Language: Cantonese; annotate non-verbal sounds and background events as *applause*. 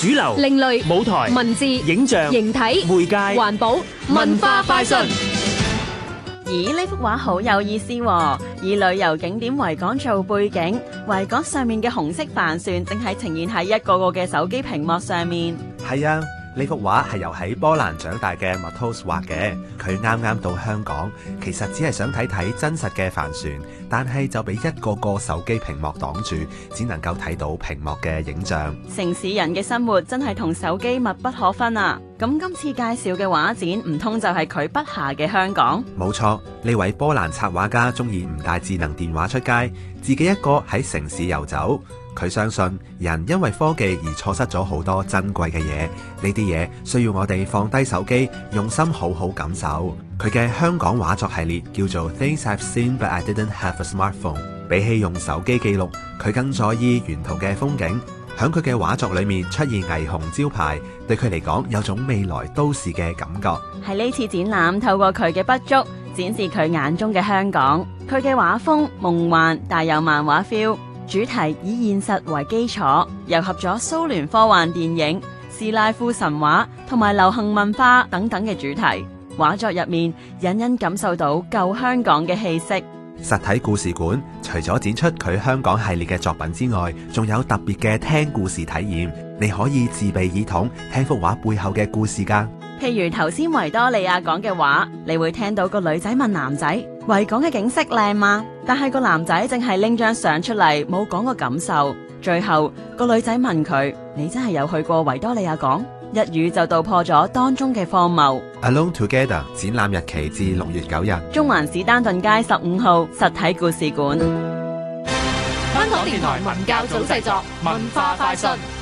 主流、另類舞台、文字、影像、形體、媒介、環保、文化、快訊。咦，呢幅畫好有意思，以旅遊景點維港做背景，維港上面嘅紅色帆船淨係呈現喺一個個嘅手機屏幕上面。係啊。呢幅畫係由喺波蘭長大嘅 Matos 畫嘅，佢啱啱到香港，其實只係想睇睇真實嘅帆船，但係就俾一個個手機屏幕擋住，只能夠睇到屏幕嘅影像。城市人嘅生活真係同手機密不可分啊！咁今次介紹嘅畫展，唔通就係佢筆下嘅香港？冇錯，呢位波蘭插畫家中意唔帶智能電話出街，自己一個喺城市遊走。佢相信人因為科技而錯失咗好多珍貴嘅嘢，呢啲嘢需要我哋放低手機，用心好好感受。佢嘅香港畫作系列叫做 Things I've Seen But I Didn't Have a Smartphone。比起用手機記錄，佢更在意沿途嘅風景。響佢嘅畫作裏面出現霓虹招牌，對佢嚟講有種未來都市嘅感覺。喺呢次展覽，透過佢嘅筆觸展示佢眼中嘅香港。佢嘅畫風夢幻，帶有漫畫 feel。主題以現實為基礎，糅合咗蘇聯科幻電影、斯拉夫神話同埋流行文化等等嘅主題。畫作入面，隱隱感受到舊香港嘅氣息。實體故事館除咗展出佢香港系列嘅作品之外，仲有特別嘅聽故事體驗。你可以自備耳筒，聽幅畫背後嘅故事㗎。譬如頭先維多利亞港嘅話，你會聽到個女仔問男仔維港嘅景色靚嗎？但係個男仔淨係拎張相出嚟，冇講個感受。最後個女仔問佢：你真係有去過維多利亞港？一語就道破咗當中嘅荒謬。Alone Together 展覽日期至六月九日，中環史丹頓街十五號實體故事館。香港 *laughs* 電台文教組製作，文化快訊。